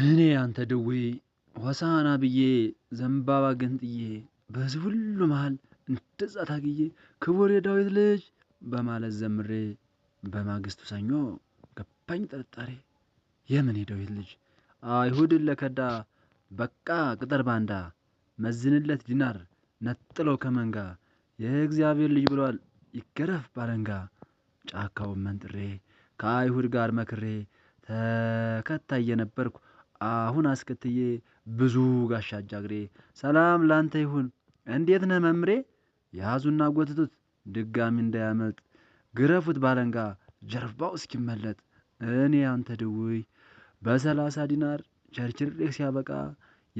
እኔ አንተ ደዌ ሆሳና ብዬ ዘንባባ ገንጥዬ በዚህ ሁሉ መሃል እንደዛ ታግዬ ክቡር የዳዊት ልጅ በማለት ዘምሬ በማግስቱ ሰኞ ገባኝ ጥርጣሬ የምን የዳዊት ልጅ አይሁድን ለከዳ በቃ ቅጠር ባንዳ መዝንለት ዲናር ነጥለው ከመንጋ የእግዚአብሔር ልጅ ብሏል ይገረፍ ባለንጋ ጫካውን መንጥሬ ከአይሁድ ጋር መክሬ ተከታይ የነበርኩ አሁን አስከትዬ ብዙ ጋሻ አጃግሬ ሰላም ላንተ ይሁን እንዴት ነህ መምሬ? ያዙና ጎትቱት ድጋሚ እንዳያመልጥ ግረፉት ባለንጋ ጀርባው እስኪመለጥ እኔ አንተ ድውይ በሰላሳ ዲናር ቸርችሬህ ሲያበቃ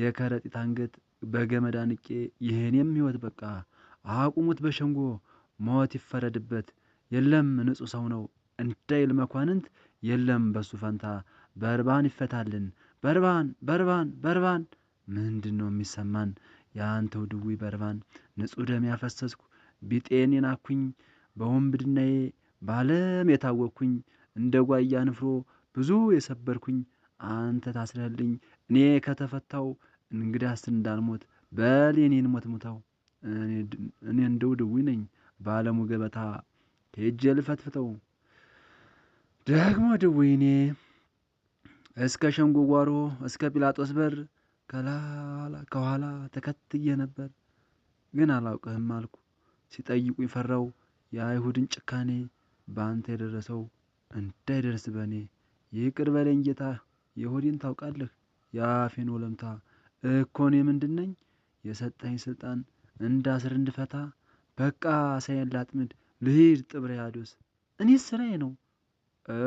የከረጢት አንገት በገመድ አንቄ ይህኔም ሕይወት በቃ አቁሙት በሸንጎ ሞት ይፈረድበት የለም ንጹሕ ሰው ነው እንዳይል መኳንንት የለም በሱ ፈንታ በርባን ይፈታልን በርባን በርባን በርባን ምንድን ነው የሚሰማን? የአንተው ድዊ በርባን ንጹህ ደም ያፈሰስኩ ቢጤን የናኩኝ በወንብድናዬ ባለም የታወቅኩኝ እንደ ጓያ ንፍሮ ብዙ የሰበርኩኝ አንተ ታስረህልኝ እኔ ከተፈታው እንግዳስ እንዳልሞት በል የኔን ሞት ሙተው እኔ እንደው ድዊ ነኝ በዓለሙ ገበታ ሄጄ ልፈትፍተው ደግሞ ድዊ እኔ እስከ ሸንጎ ጓሮ እስከ ጲላጦስ በር ከኋላ ተከትዬ ነበር፣ ግን አላውቅህም አልኩ። ሲጠይቁኝ ፈራው የአይሁድን ጭካኔ በአንተ የደረሰው እንዳይደርስ በእኔ ይቅር በለኝ ጌታ። የሆዴን ታውቃለህ፣ የአፌን ወለምታ እኮ እኔ ምንድን ነኝ? የሰጠኝ ስልጣን እንዳስር እንድፈታ። በቃ ሳይን ላጥምድ ልሂድ ያዶስ እኔ ስራዬ ነው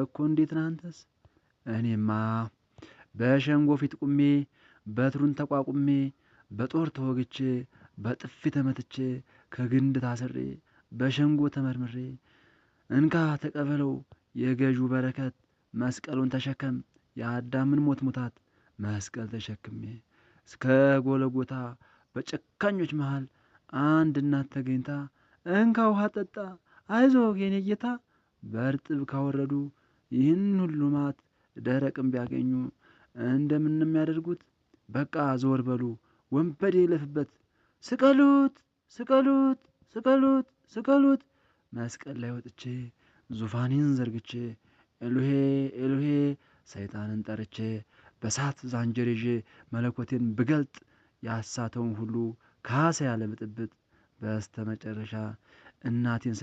እኮ። እንዴት ነህ አንተስ? እኔማ በሸንጎ ፊት ቁሜ በትሩን ተቋቁሜ በጦር ተወግቼ በጥፊ ተመትቼ ከግንድ ታስሬ በሸንጎ ተመርምሬ እንካ ተቀበለው የገዢው በረከት መስቀሉን ተሸከም የአዳምን ሞት ሙታት መስቀል ተሸክሜ እስከ ጎለጎታ በጨካኞች መሃል አንድ እናት ተገኝታ እንካ ውሃ ጠጣ አይዞ የኔ ጌታ በእርጥብ ካወረዱ ይህን ሁሉ ማት ደረቅም ቢያገኙ እንደምን የሚያደርጉት በቃ ዞር በሉ ወንበዴ ይለፍበት ስቀሉት ስቀሉት ስቀሉት ስቀሉት መስቀል ላይ ወጥቼ ዙፋኔን ዘርግቼ ኤሎሄ ኤሎሄ ሰይጣንን ጠርቼ በሳት ዛንጀር ይዤ መለኮቴን ብገልጥ ያሳተውን ሁሉ ካሳ ያለ ብጥብጥ በስተመጨረሻ እናቴን